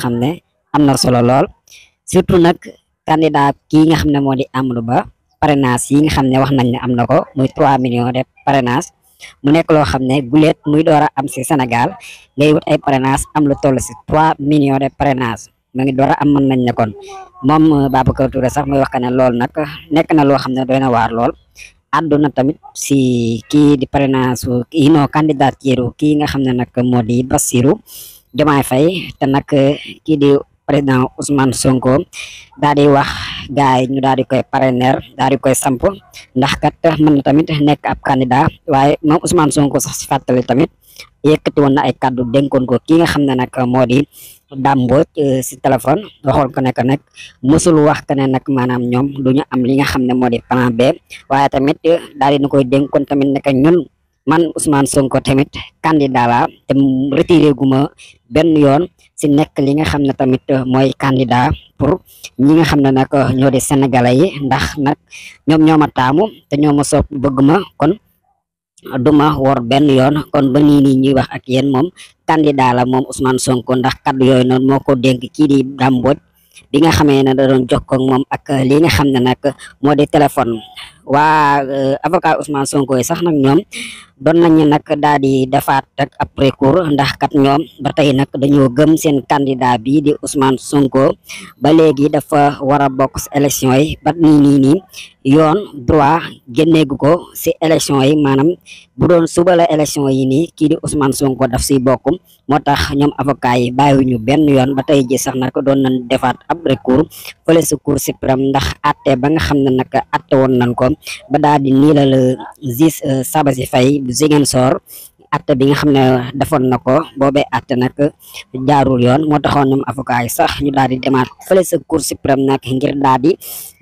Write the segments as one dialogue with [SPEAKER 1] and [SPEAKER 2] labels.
[SPEAKER 1] xam ne am na solo lool surtout nag candidat ki nga xam ne moo di Amadou Ba parrainage yi nga xam ne wax nañ ne am na ko muy 3 millions de parrainage mu nekk loo xam ne guleet muy door a am si Sénégal ngay wut ay parrainage am lu toll si 3 millions de parrainage mu ngi door a am nañ ne kon moom euh, Babacar Touré sax muy wax que ne lool nag nekk na loo xam ne doy na waar lool na tamit si kii di parrainage su kii non candidature kii nga xam ne nag moo di Bassirou Diomaye Faye te nag eh, kii di président Ousmane Sonko daal di wax gars yi ñu daal di koy parrainer daal di koy samp ndax kat mën tamit nekk ab candidat waaye moom Ousmane Sonko sax si fàttali tamit yëkkati woon na ay kaddu dénkoon ko ki nga xam ne nag moo di dàmboo eh, si téléphone waxoon ko ne que nag mosul wax que ne nag maanaam ñoom du ñu am li nga xam ne moo di plan waaye tamit daal di koy dénkoon tamit ne ñun. man usman Sonko tamit candidat la te retirer guma ben yon ci nek nekk li nga xam tamit moy candidat pour ñi nga xam nak ñoo di sénégalais yi ndax nak ñom ñoma tamu te ñoma sopp bëgguma kon duma wor ben yon kon ba ni ni ñuy wax ak yeen mom candidat la mom usman Sonko ndax kaddu yoy non moko ko ki di dambot bi nga xamé na da doon jokk ak mom ak li nga xam nak modi téléphone wa eh, avocat Ousmane Sonko yi sax nag ñoom don nañu nak daal kan di defaat ak ab recours ndax kat ñom ba tay nak dañu gëm seen candidat bi di Ousmane Sonko ba légui dafa wara bok si élection yi ba ni ni ni yoon droit génneegu ko si élection yi manam bu doon suba la élection yi ni ki di Ousmane Sonko daf ci bokum motax ñom avocat yi ñu benn yoon ba tay ji sax nak doon nañ defaat ab recours fële si cour suprême ndax atte ba nga xam nak won nañ ko ba daal di niilal euh, saba si Faye bu Ziguinchor atte bi nga xam ne defoon na ko boobe atte nag jaarul yoon moo taxoon ñoom avocat yi sax ñu daal di demaat fële sa cour suprême nag ngir daal di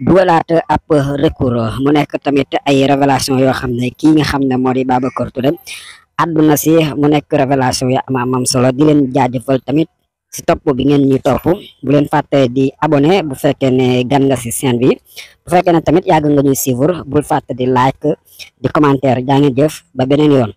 [SPEAKER 1] dugalaat ab recours mu nekk tamit ay révélation yoo xam ne kii nga xam ne moo di Babacar Touré àdduna si mu nekk révélation yu am solo di leen jaajëfal tamit si topp bi ngeen ñuy topp bu leen fàtte di abonné bu fekkee ne gan nga si chaîne bi bu fekkee ne tamit yàgg nga ñuy suivre bul fàtte di like di commentaire jaa ngeen jëf ba beneen yoon